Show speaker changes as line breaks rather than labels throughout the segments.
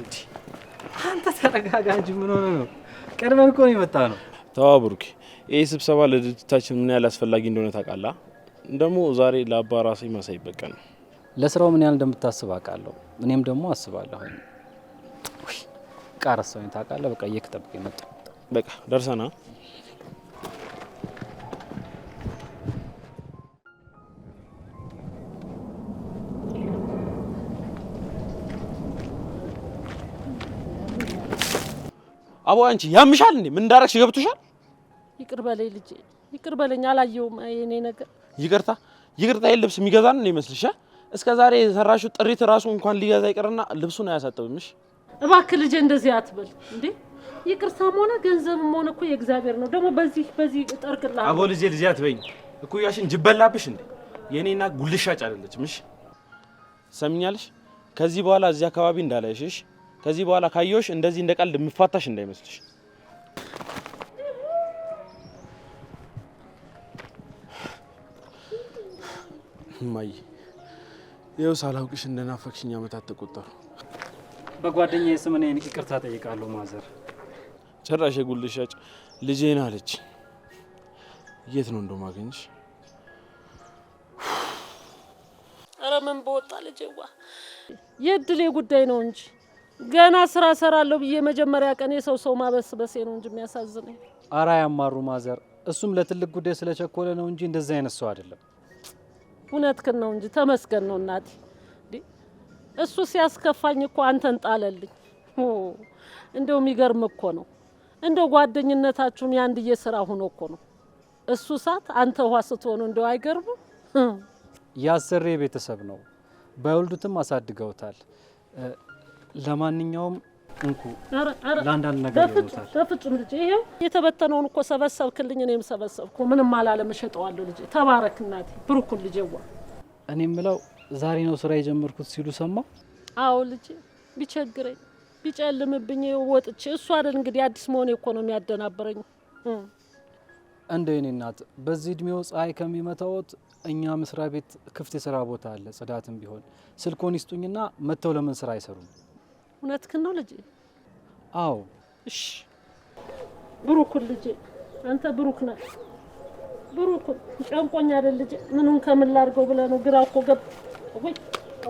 እንዴ? አንተ ተረጋጋ እንጂ ምን ሆነ ነው? ቀድመን እኮ ነው የመጣ ነው።
ተው ብሩኬ፣ ይህ ስብሰባ ለድርጅታችን ምን ያህል አስፈላጊ እንደሆነ ታውቃላ ደግሞ ዛሬ ለአባ ራሴ ማሳይበት ቀን ነው።
ለስራው ምን ያህል እንደምታስብ አውቃለሁ። እኔም ደግሞ አስባለሁ። ቃ ታውቃለህ። በቃ እየከጠብቅ የመጣ
በቃ ደርሰና
አቦ አንቺ ያምሻል እንዴ? ምን እንዳረግሽ ገብቶሻል?
ይቅር በለኝ ልጄ፣ ይቅር በለኝ። አላየውም የኔ ነገር።
ይቅርታ ይቅርታ። ልብስ የሚገዛን ነው ይመስልሽ? እስከ ዛሬ የሰራሽው ጥሪት ራሱ እንኳን ሊገዛ ይቅርና ልብሱን አያሳጥብምሽ።
እባክህ ልጄ እንደዚህ አትበል እንዴ። ይቅርታም ሆነ ገንዘብም ሆነ እኮ የእግዚአብሔር ነው። ደግሞ በዚህ በዚህ ጠርቅላ
አቦ ልጄ፣ ልጄ አትበይኝ። እኩያሽን ጅብ በላብሽ እንዴ? የኔና ጉልሻጭ አይደለችም። እሺ ሰምኛለሽ። ከዚህ በኋላ እዚህ አካባቢ እንዳላይሽሽ ከዚህ በኋላ ካዮሽ እንደዚህ እንደ ቀልድ የምፋታሽ እንዳይመስልሽ።
እማዬ ይኸው ሳላውቅሽ እንደናፈቅሽኝ ዓመታት ተቆጠሩ።
በጓደኛ ስም ይህን ይቅርታ ጠይቃለሁ። ማዘር
ጭራሽ የጉልት ሻጭ ልጄን አለች። የት ነው እንደማገኝሽ? ማገኝሽ?
ምን በወጣ ልጄዋ የእድሌ ጉዳይ ነው እንጂ ገና ስራ ሰራለሁ ብዬ መጀመሪያ ቀን የሰው ሰው ማበስበሴ ነው እንጂ የሚያሳዝነኝ።
አራ ያማሩ ማዘር፣ እሱም ለትልቅ ጉዳይ ስለቸኮለ ነው እንጂ እንደዛ አይነት ሰው አይደለም።
እውነትህን ነው እንጂ ተመስገን ነው እናቴ። እሱ ሲያስከፋኝ እኮ አንተን ጣለልኝ። እንደው የሚገርም እኮ ነው። እንደ ጓደኝነታችሁም ያንድዬ ስራ ሆኖ እኮ ነው። እሱ ሳት አንተ ውሃ ስትሆኑ እንደው አይገርምም?
ያሰሬ ቤተሰብ ነው። ባይወልዱትም አሳድገውታል። ለማንኛውም እንኩ ለአንዳንድ
ነገር በፍጹም ይሄው የተበተነውን እኮ ሰበሰብክልኝ፣ እኔም ሰበሰብኩ። ምንም አላለም፣ እሸጠዋለሁ። ልጄ ተባረክ እናቴ። ብሩኩን ልጄዋ፣
እኔ የምለው ዛሬ ነው ስራ የጀመርኩት ሲሉ ሰማው
አዎ ልጅ፣ ቢቸግረኝ ቢጨልምብኝ ወጥቼ እሱ አይደል እንግዲህ አዲስ መሆን እኮ ነው የሚያደናብረኝ።
እንደ ኔ እናት በዚህ እድሜው ፀሐይ ከሚመታወት እኛ መስሪያ ቤት ክፍት የስራ ቦታ አለ፣ ጽዳትም ቢሆን ስልኮን ይስጡኝና መጥተው ለምን ስራ አይሰሩም?
እውነትህን ነው ልጄ?
አዎ። እሺ
ብሩክን ልጄ፣ አንተ ብሩክ ነህ። ብሩክን ጨንቆኝ አይደል ልጄ? ምኑን ከምን ላድርገው ብለህ ነው ግራ እኮ ገብ ወይ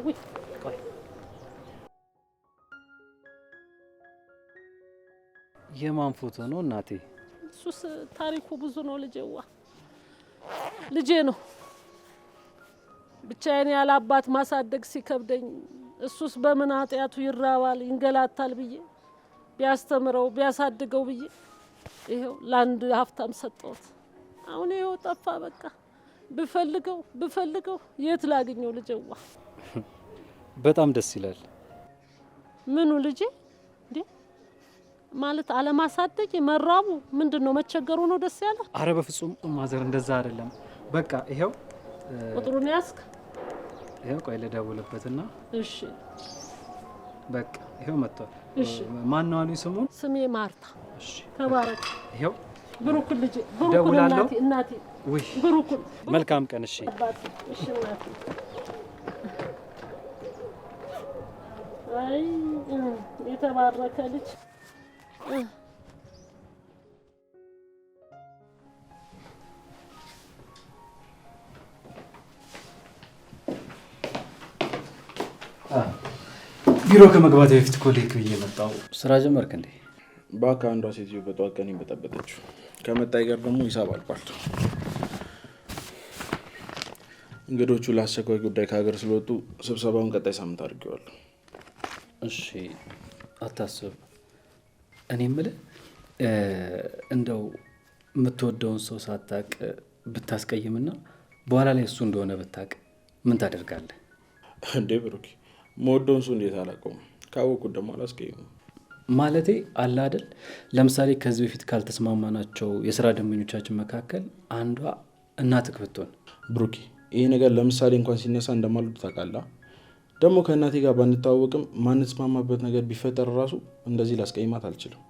ወይ
የማን ፎቶ ነው እናቴ?
እሱስ ታሪኩ ብዙ ነው ልጄዋ፣ ልጄ ነው ብቻዬን ያለ አባት ማሳደግ ሲከብደኝ እሱስ በምን ኃጢአቱ ይራባል ይንገላታል ብዬ ቢያስተምረው ቢያሳድገው ብዬ ይሄው ለአንድ ሀብታም ሰጠሁት። አሁን ይሄው ጠፋ። በቃ ብፈልገው ብፈልገው የት ላገኘው? ልጀዋ
በጣም ደስ ይላል።
ምኑ ልጄ እንዴ ማለት አለማሳደግ መራቡ ምንድን ነው መቸገሩ ነው ደስ ያለ?
አረ በፍጹም ማዘር፣ እንደዛ አይደለም። በቃ ይሄው
ቁጥሩን ያስክ
ይሄን ቆይ ልደውልበትና። እሺ በቃ ይሄው መጥቷል። እሺ ማን ነው አሉኝ? ስሙ
ስሜ ማርታ። እሺ ተባረክ። ይሄው ብሩክ ልጅ ብሩክ እናቴ እናቴ ወይ ብሩክ
መልካም ቀን። እሺ
እሺ እናቴ አይ የተባረከ ልጅ
ቢሮ ከመግባት በፊት ኮሌክ ብዬ መጣው። ስራ ጀመርክ እንዴ?
በአካ አንዷ ሴትዮ በጠዋት ቀን በጠበጠችው። ከመጣ ጋር ደግሞ ሂሳብ አልቋል። እንግዶቹ ለአስቸኳይ ጉዳይ ከሀገር ስለወጡ ስብሰባውን ቀጣይ ሳምንት አድርጌዋለሁ።
እሺ አታስብ። እኔ የምልህ እንደው የምትወደውን ሰው ሳታቅ ብታስቀይምና በኋላ ላይ እሱ እንደሆነ ብታቅ ምን ታደርጋለህ
እንዴ ብሩኬ? መወደውን ሰው እንዴት አላውቀውም? ካወቁ ደግሞ አላስቀይም
ማለቴ አለ አደል ለምሳሌ ከዚህ በፊት ካልተስማማናቸው የስራ ደንበኞቻችን መካከል አንዷ እናት ብትሆን
ብሩኪ ይህ ነገር ለምሳሌ እንኳን ሲነሳ እንደማልወድ ታቃላ ደግሞ ከእናቴ ጋር ባንታወቅም ማንስማማበት ነገር ቢፈጠር ራሱ እንደዚህ ላስቀይማት አልችልም።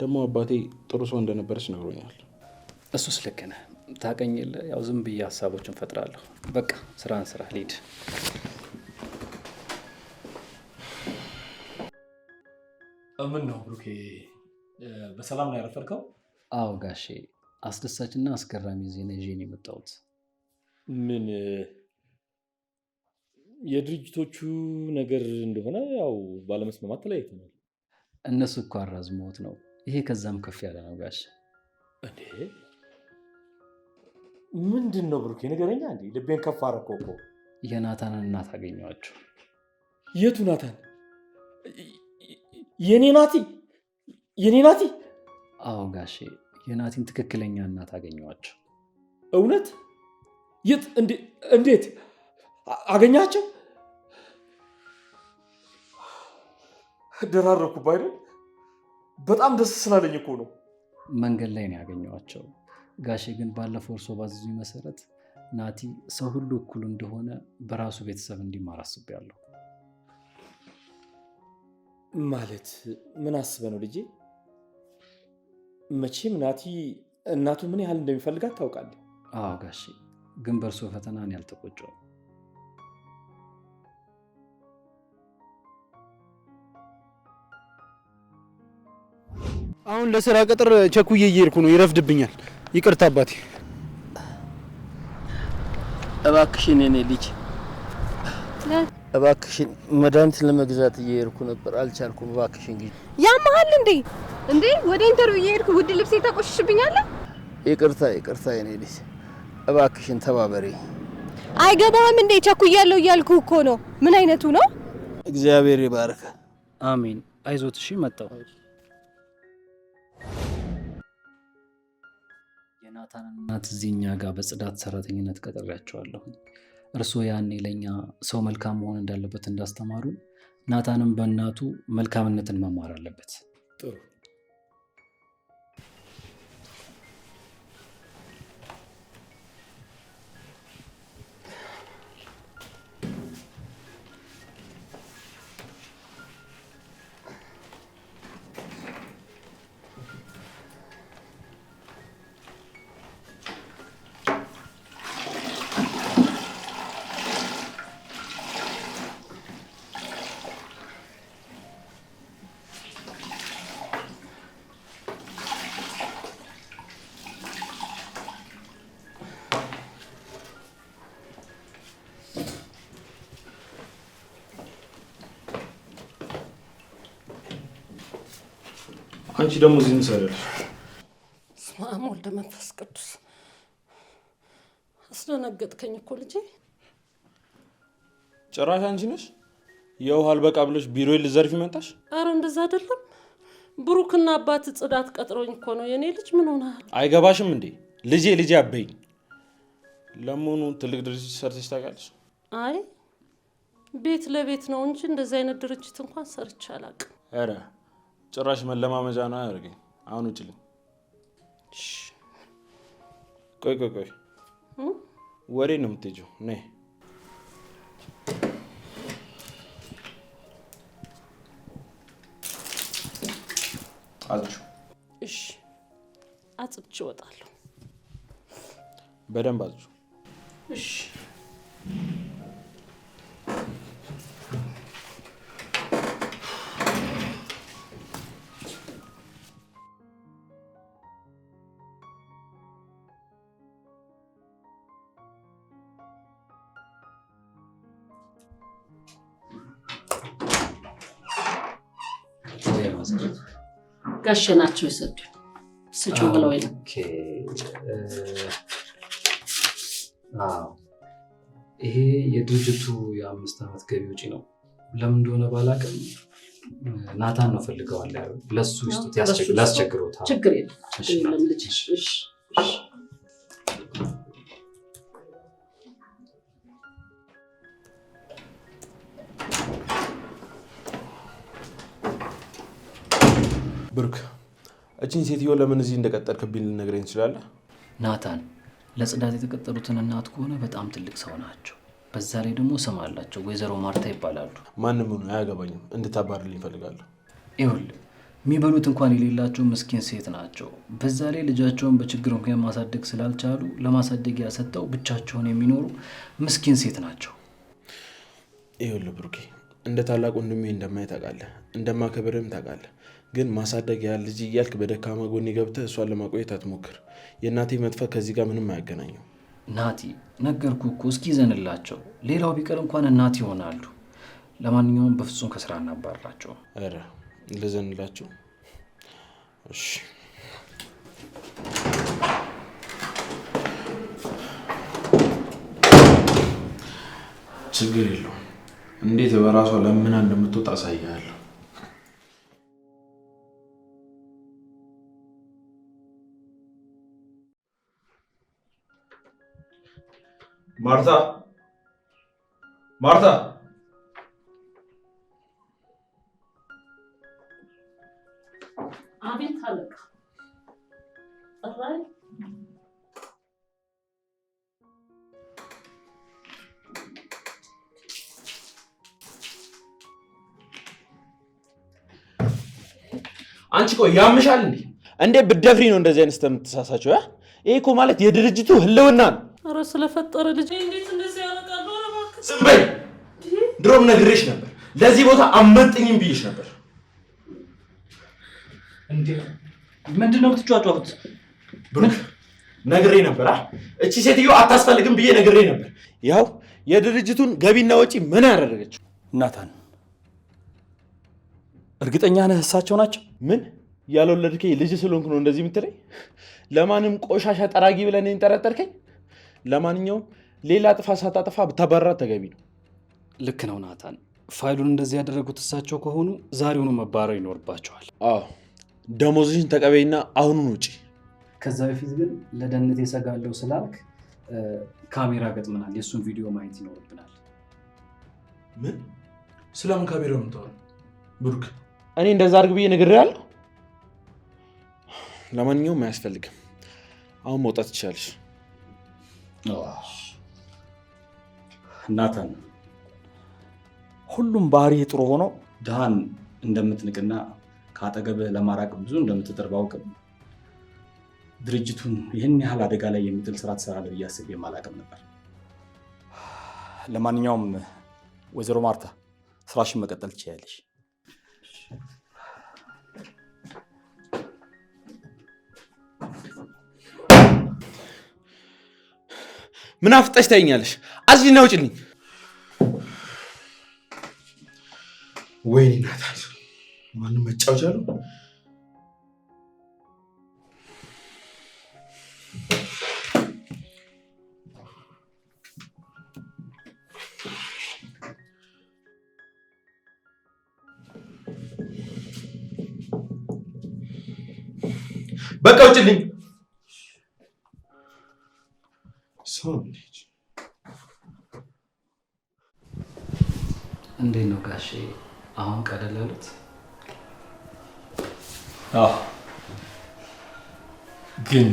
ደግሞ አባቴ ጥሩ ሰው እንደነበረች ነግሮኛል።
እሱስ ስልክነ ታቀኝለ ያው ዝም ብዬ ሀሳቦችን ፈጥራለሁ። በቃ ስራን ስራ ሊድ ምን ነው ብሩኬ፣ በሰላም ነው ያረፈድከው? አዎ ጋሼ፣ አስደሳችና አስገራሚ ዜና ይዤ ነው የመጣሁት።
ምን የድርጅቶቹ ነገር እንደሆነ ያው ባለመስማማት ተለያይተናል።
እነሱ እኮ አራዝመውት ነው። ይሄ ከዛም ከፍ ያለ ነው ጋሼ።
እንዴ ምንድን ነው ብሩኬ ንገረኛ። እንዴ ልቤን ከፍ አደረከው እኮ።
የናታንን እናት አገኘኋቸው።
የቱ ናታን? የኔ ናቲ የኔ ናቲ?
አዎ ጋሼ፣ የናቲን ትክክለኛ እናት አገኘኋቸው።
እውነት? የት? እንዴት አገኛቸው? ደራረኩ ባይደን በጣም ደስ ስላለኝ እኮ ነው።
መንገድ ላይ ነው ያገኘኋቸው ጋሼ። ግን ባለፈው እርሶ ባዘዙኝ መሰረት ናቲ ሰው ሁሉ እኩል እንደሆነ በራሱ ቤተሰብ እንዲማር አስቤያለሁ።
ማለት ምን አስበ ነው ልጄ? መቼም ናቲ እናቱ ምን ያህል እንደሚፈልጋት ታውቃለህ።
አዎ ጋሼ፣ ግን በእርሶ ፈተና እኔ አልተቆጨሁም።
አሁን ለስራ ቅጥር ቸኩዬ እየሄድኩ ነው፣ ይረፍድብኛል። ይቅርታ አባቴ።
እባክሽን የኔ ልጅ እባክሽን መድኃኒት ለመግዛት እየሄድኩ ነበር፣ አልቻልኩም። እባክሽን ጊዜ
ያመሃል እንዴ? እንዴ ወደ ኢንተርቪው እየሄድኩ ውድ ልብስ ተቆሽሽብኛለ።
ይቅርታ ይቅርታ፣ የኔ ልጅ እባክሽን ተባበሪ።
አይገባህም እንዴ? ቸኩያለሁ እያልኩ እኮ ነው። ምን አይነቱ ነው?
እግዚአብሔር ይባርክ። አሜን። አይዞት። እሺ መጣው የናታን እናት እዚህ እኛ ጋር በጽዳት ሰራተኝነት ቀጠሪያቸዋለሁ። እርስዎ ያኔ ለእኛ ሰው መልካም መሆን እንዳለበት እንዳስተማሩ ናታንም በእናቱ መልካምነትን መማር አለበት። ጥሩ
አንቺ ደግሞ እዚህ ምሰለልሽ።
ስመ አብ ወልደ መንፈስ ቅዱስ አስደነገጥከኝ እኮ ልጄ።
ጭራሽ አንቺ ነሽ የውሃ አልበቃ ብለሽ ቢሮ ልዘርፍ ይመጣሽ?
አረ እንደዛ አይደለም። ብሩክና አባት ጽዳት ቀጥሮኝ እኮ ነው። የእኔ ልጅ ምን ሆነሃል?
አይገባሽም እንዴ ልጄ ልጄ አበይኝ። ለመሆኑ ትልቅ ድርጅት ሰርተሽ ታውቃለሽ?
አይ ቤት ለቤት ነው እንጂ እንደዚህ አይነት ድርጅት እንኳን ሰርቼ አላውቅም።
ጭራሽ መለማመጃ ነው አያደርገኝ። አሁን ውጭልኝ። ቆይ ቆይ ቆይ፣ ወሬ ነው የምትሄጂው? ነይ
አጽብች እሺ እወጣለሁ።
በደንብ አጽ። እሺ
ጋሼ ናቸው የሰጡኝ። ስጩ ብለው ነው።
ይሄ የድርጅቱ የአምስት ዓመት ገቢ ውጪ ነው። ለምን እንደሆነ ባላውቅም ናታን ነው ፈልገዋል። ለሱ ስጡት፣ ያስቸግሮታል።
ችግር የለም።
ብሩክ፣ እችን ሴትዮ ለምን እዚህ እንደቀጠርክብኝ ልነግረኝ ትችላለህ?
ናታን፣ ለጽዳት የተቀጠሩትን እናት ከሆነ በጣም ትልቅ ሰው ናቸው። በዛ ላይ ደግሞ ስም አላቸው፣ ወይዘሮ ማርታ ይባላሉ።
ማንም ሆኑ አያገባኝም፣ እንድታባርልኝ እፈልጋለሁ።
ይሁል የሚበሉት እንኳን የሌላቸው ምስኪን ሴት ናቸው። በዛ ላይ ልጃቸውን በችግር ምክንያት ማሳደግ ስላልቻሉ ለማሳደጊያ ሰጠው ብቻቸውን የሚኖሩ ምስኪን ሴት ናቸው።
ይሁል ብሩኬ፣ እንደ ታላቅ ወንድሜ እንደማይ ታውቃለህ፣ እንደማከብርም ታውቃለህ ግን ማሳደግ ያህል ልጅ እያልክ በደካማ ጎኒ ገብተህ እሷን ለማቆየት አትሞክር። የእናቴ መጥፋት ከዚህ ጋር ምንም አያገናኘው።
ናቲ ነገርኩ እኮ እስኪ ይዘንላቸው። ሌላው ቢቀር እንኳን እናት ይሆናሉ። ለማንኛውም በፍጹም ከስራ እናባራቸው።
ኧረ ልዘንላቸው። እሺ ችግር የለውም። እንዴት በራሷ ለምና እንደምትወጣ አሳያለሁ። Marta. Marta.
አቤት አለቃ። ጠራኝ?
አንቺ ቆይ ያምሻል እንዴ? እንዴ ብትደፍሪ ነው እንደዚህ አይነት ስተምትሳሳቸው? ይሄ እኮ ማለት የድርጅቱ ህልውና ነው።
ኧረ ስለፈጠረ ልጅ እንዴት እንደዚህ ያደርጋል?
ዝም በይ። ድሮም ነግሬሽ ነበር፣ ለዚህ ቦታ አመጥኝም ብዬሽ ነበር። እንዴ ምንድን ነው የምትጫጫሁት? ብሩክ ነግሬ ነበር። እቺ ሴትዮ አታስፈልግም ብዬ ነግሬ ነበር። ያው የድርጅቱን ገቢና ወጪ ምን አደረገችው? እናታን እርግጠኛ ነህ እሳቸው ናቸው?
ምን ያልወለድከኝ ልጅ ስለሆንኩ ነው እንደዚህ የምትለኝ? ለማንም ቆሻሻ ጠራጊ ብለን ጠረጠርከኝ? ለማንኛውም ሌላ ጥፋ ሳታጠፋ ተበራ ተገቢ ነው።
ልክ ነው ናታን። ፋይሉን እንደዚህ ያደረጉት እሳቸው ከሆኑ ዛሬውኑ መባረር ይኖርባቸዋል።
አዎ ደሞዝሽን ተቀበይና አሁኑን ውጪ።
ከዛ በፊት ግን ለደህንነት የሰጋለው ስላልክ ካሜራ ገጥመናል። የእሱን ቪዲዮ ማየት ይኖርብናል።
ምን? ስለምን ካሜራ ምታወራ ብሩክ? እኔ እንደዛ አድርግ ብዬ ነግሬሃለሁ።
ለማንኛውም አያስፈልግም። አሁን መውጣት ትችላለች። ናታን ሁሉም ባህሪ ጥሩ ሆኖ ድሃን እንደምትንቅና ከአጠገብህ ለማራቅ ብዙ እንደምትጥር ባውቅም ድርጅቱን ይህን ያህል አደጋ ላይ የሚጥል ስራ ትሰራለህ ብዬ አስቤ የማላቅም ነበር። ለማንኛውም ወይዘሮ ማርታ ስራሽን መቀጠል ትችያለሽ። ምን አፍጠሽ ታይኛለሽ? አዝጂና ውጭልኝ።
ወይኔ ናታ፣ ማንም መጫወቻ ነው። በቃ ውጭልኝ። ስለሆነች
እንዴት ነው ጋሼ? አሁን ቀለል ያሉት?
አዎ፣ ግን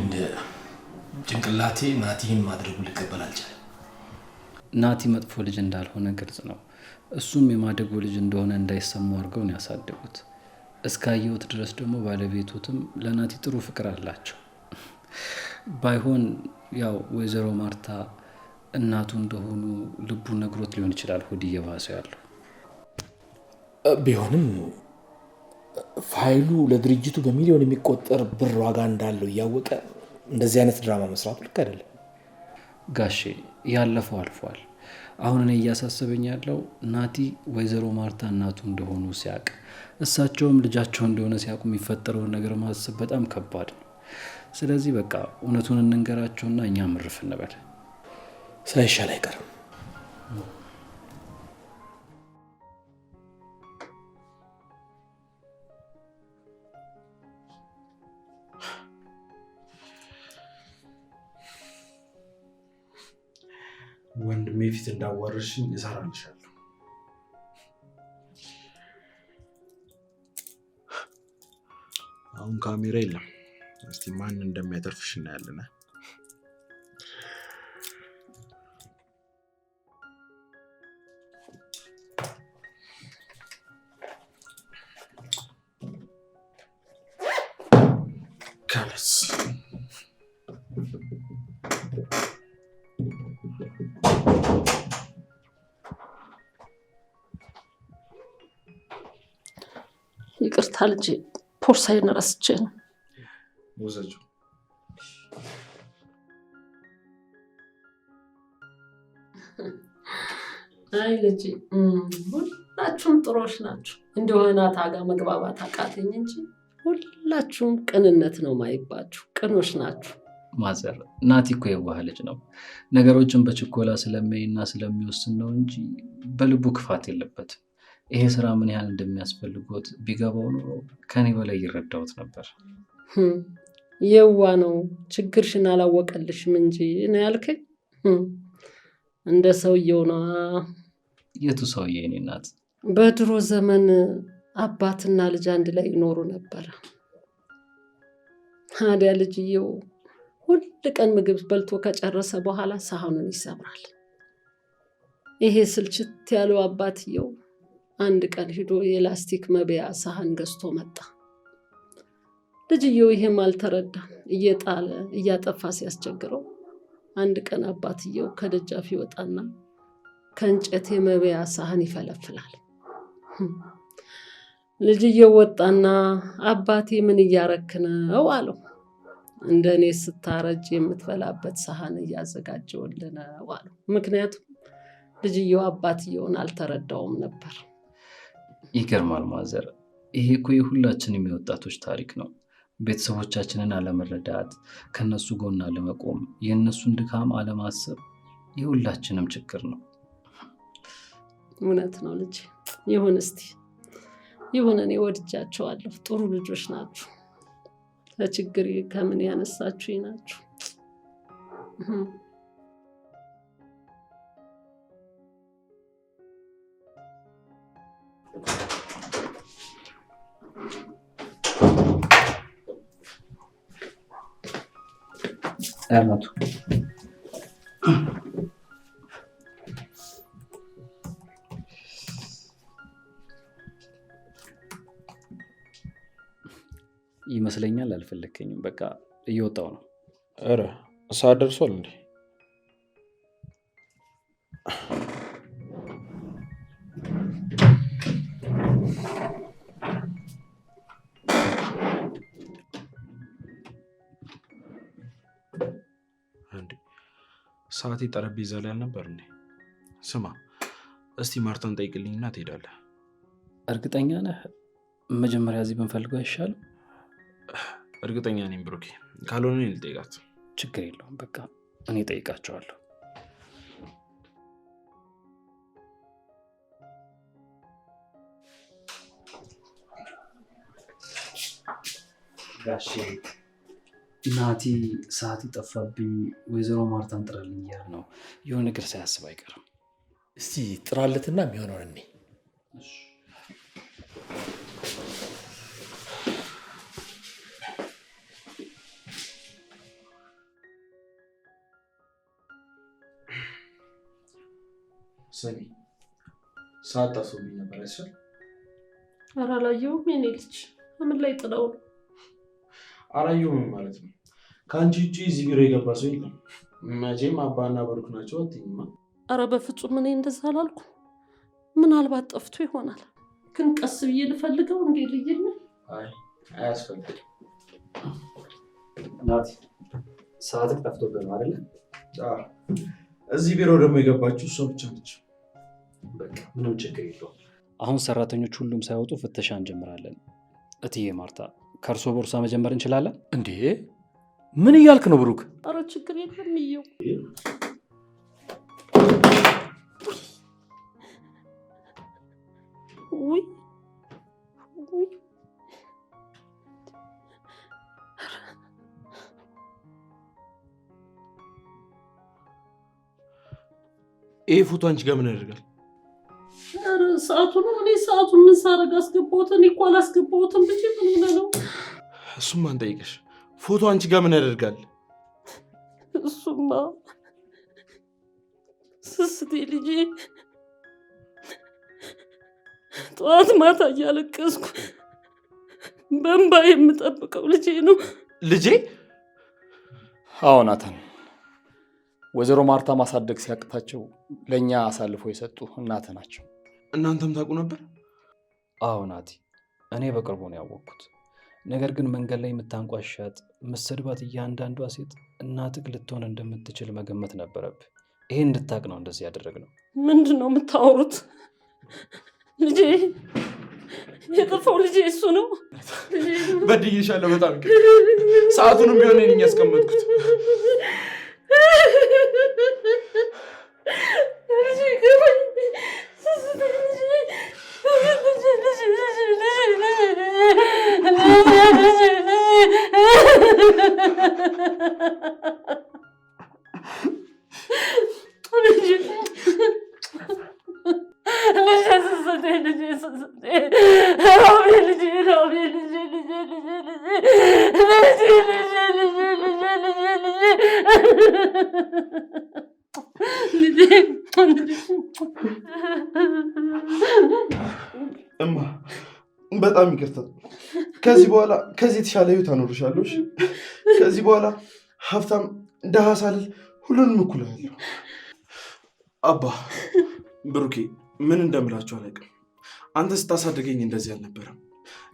ጭንቅላቴ ናቲህን ማድረጉ ሊቀበል አልቻለም።
ናቲ መጥፎ ልጅ እንዳልሆነ ግልጽ ነው። እሱም የማደጎ ልጅ እንደሆነ እንዳይሰማው አድርገው ነው ያሳደጉት። እስካየሁት ድረስ ደግሞ ባለቤቱትም ለናቲ ጥሩ ፍቅር አላቸው ባይሆን ያው ወይዘሮ ማርታ እናቱ እንደሆኑ ልቡ ነግሮት ሊሆን ይችላል። ሆድ እየባሰ ያለው
ቢሆንም ፋይሉ ለድርጅቱ በሚሊዮን የሚቆጠር ብር ዋጋ እንዳለው እያወቀ እንደዚህ አይነት ድራማ መስራቱ ልክ አይደለም
ጋሼ። ያለፈው አልፏል። አሁን እኔ እያሳሰበኝ ያለው ናቲ ወይዘሮ ማርታ እናቱ እንደሆኑ ሲያውቅ፣ እሳቸውም ልጃቸው እንደሆነ ሲያውቁ የሚፈጠረውን ነገር ማሰብ በጣም ከባድ ነው። ስለዚህ በቃ እውነቱን እንንገራቸውና እኛ ምርፍ እንበል ሳይሻል አይቀርም።
ወንድሜ ፊት እንዳዋረድሽኝ እሰራልሻለሁ። አሁን ካሜራ የለም። እስቲ ማን እንደሚያተርፍሽ እናያለን።
ይቅርታ ልጄ፣ ፖርሳዬን ረስቼ ነው። ውሰጁ። አይ ልጅ ሁላችሁም ጥሮች ናችሁ። እንደሆነ ታጋ መግባባት አቃተኝ እንጂ ሁላችሁም ቅንነት ነው ማይባችሁ፣ ቅኖች ናችሁ።
ማዘር ናቲ እኮ የዋህ ልጅ ነው። ነገሮችን በችኮላ ስለሚያይና ስለሚወስን ነው እንጂ በልቡ ክፋት የለበትም። ይሄ ስራ ምን ያህል እንደሚያስፈልጎት ቢገባው ኖሮ ከኔ በላይ ይረዳውት ነበር።
የዋ ነው ችግርሽን አላወቀልሽም እንጂ ነው ያልከኝ? እንደ ሰውየው ነዋ።
የቱ ሰውዬ? የኔ እናት
በድሮ ዘመን አባትና ልጅ አንድ ላይ ይኖሩ ነበረ። ታዲያ ልጅየው ሁል ቀን ምግብ በልቶ ከጨረሰ በኋላ ሳህኑን ይሰብራል። ይሄ ስልችት ያለው አባትየው አንድ ቀን ሂዶ የላስቲክ መብያ ሳህን ገዝቶ መጣ። ልጅየው ይሄም አልተረዳም። እየጣለ እያጠፋ ሲያስቸግረው አንድ ቀን አባትየው ከደጃፍ ይወጣና ከእንጨት የመብያ ሳህን ይፈለፍላል። ልጅየው ወጣና አባቴ ምን እያረክ ነው አለው። እንደ እኔ ስታረጅ የምትበላበት ሳህን እያዘጋጀውልን ነው አለው። ምክንያቱም ልጅየው አባትየውን አልተረዳውም ነበር።
ይገርማል ማዘር፣ ይሄ እኮ የሁላችንም የወጣቶች ታሪክ ነው። ቤተሰቦቻችንን አለመረዳት፣ ከነሱ ጎን አለመቆም፣ የእነሱን ድካም አለማሰብ የሁላችንም ችግር ነው።
እውነት ነው ልጅ። ይሁን እስቲ ይሁን። እኔ ወድጃቸዋለሁ። ጥሩ ልጆች ናችሁ። ለችግር ከምን ያነሳችሁ ናችሁ።
Nato. ይመስለኛል አልፈለከኝም። በቃ እየወጣው ነው።
ኧረ እሳ ደርሷል እንዴ? ሰዓቴ ጠረጴዛ ላይ አልነበር እንዴ? ስማ እስቲ ማርታን ጠይቅልኝና ትሄዳለህ።
እርግጠኛ ነህ? መጀመሪያ እዚህ ብንፈልገው አይሻልም?
እርግጠኛ ነኝ ብሩኬ። ካልሆነ እኔ ልጠይቃት።
ችግር የለውም በቃ እኔ ጠይቃቸዋለሁ። ጋሼ ናቲ ሰዓት ይጠፋብኝ ወይዘሮ ማርታን ጥራልኝ እያለ ነው። የሆነ ነገር ሳያስብ አይቀርም።
እስቲ ጥራለትና የሚሆነውን እኔ ሰኒ ሰዓት ጠፍቶብኝ ነበር። አይሰል
ኧረ የኔ ልጅ ምን ላይ ጥለው ነው
አላየሁም ማለት ነው። ከአንቺ ውጭ እዚህ ቢሮ የገባ ሰው የለም። መቼም አባና በሩክ ናቸው አትይኝማ።
አረ በፍጹም እኔ እንደዛ አላልኩ። ምናልባት ጠፍቶ ይሆናል፣ ግን ቀስ ብዬ ልፈልገው እንዴ ልይል።
አያስፈልግም
ናት። ሰዓትህ ጠፍቶብን ነው አይደለ?
እዚህ ቢሮ ደግሞ የገባችው እሷ ብቻ ነች። በቃ ምንም ችግር የለውም።
አሁን ሰራተኞች ሁሉም ሳይወጡ ፍተሻ እንጀምራለን። እትዬ ማርታ ከእርሶ ቦርሳ መጀመር እንችላለን።
እንዴ ምን እያልክ ነው ብሩክ?
ኧረ ችግር የለም እየው
ይህ ፎቶ አንቺ ጋር ምን ያደርጋል?
ሰዓቱ ነው። እኔ ሰዓቱን ምን ሳደርግ አስገባሁት? እኔ እኮ አላስገባሁትም ብቻ ምን ሆነ ነው
እሱም አንጠይቅሽ። ፎቶ አንቺ ጋር ምን ያደርጋል?
እሱማ ስስቴ ልጄ ጠዋት ማታ እያለቀስኩ በእንባ የምጠብቀው ልጄ ነው።
ልጄ?
አዎ ናታን፣ ወይዘሮ ማርታ ማሳደግ ሲያቅታቸው ለእኛ አሳልፎ የሰጡ እናት ናቸው።
እናንተም ታውቁ ነበር?
አዎ ናቲ፣ እኔ በቅርቡ ነው ያወቅኩት። ነገር ግን መንገድ ላይ የምታንቋሻት ምስድባት እያንዳንዷ ሴት እናትህ ልትሆን እንደምትችል መገመት ነበረብ። ይሄ እንድታቅ ነው እንደዚህ ያደረግነው።
ምንድን ነው የምታወሩት? ልጄ የጠፋው ልጄ እሱ ነው።
በድዬሻለሁ በጣም ሰዓቱንም ቢሆን ነኝ ያስቀመጥኩት። ልጄ ገባኝ Okay. እማ በጣም ይቅርታ። ከዚህ በኋላ ከዚህ የተሻለ ህይወት አኖርሻለሁ። ከዚህ በኋላ ሀብታም ደሃ ሳልል ሁሉንም እኩል አያለሁ። አባ ብሩኬ፣ ምን እንደምላቸው አላውቅም። አንተ ስታሳድገኝ እንደዚህ አልነበረም።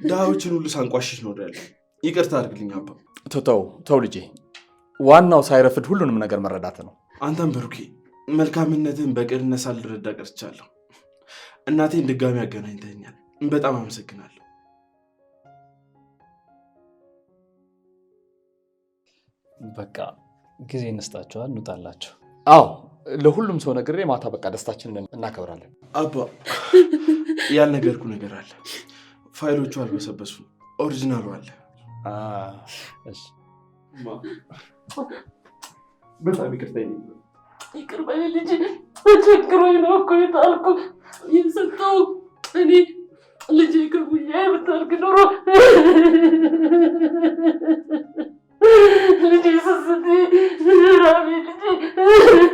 ድሃዎችን ሁሉ ሳንቋሽሽ ነው ያለ። ይቅርታ አድርግልኝ አባ።
ተው ተው ልጄ፣ ዋናው ሳይረፍድ ሁሉንም ነገር መረዳት ነው።
አንተም ብሩኬ፣ መልካምነትን በቅንነት ሳልረዳ ቀርቻለሁ። እናቴን ድጋሚ አገናኝተኛል። በጣም አመሰግናለሁ።
በቃ ጊዜ እንስጣቸዋል፣ እንውጣላቸው። አዎ ለሁሉም ሰው ነግሬ ማታ በቃ ደስታችንን እናከብራለን።
አባ ያልነገርኩ ነገር አለ። ፋይሎቹ አልበሰበሱ፣ ኦሪጂናሉ አለ። በጣም ይቅርታ
ይቅር በል ልጅ፣ ተቸግሮኝ ነው እኮ የጣልኩ የሰጠው እኔ ልጅ ከጉያ የምታርግ ኖሮ ልጅ ስስቴ ራሜ ልጅ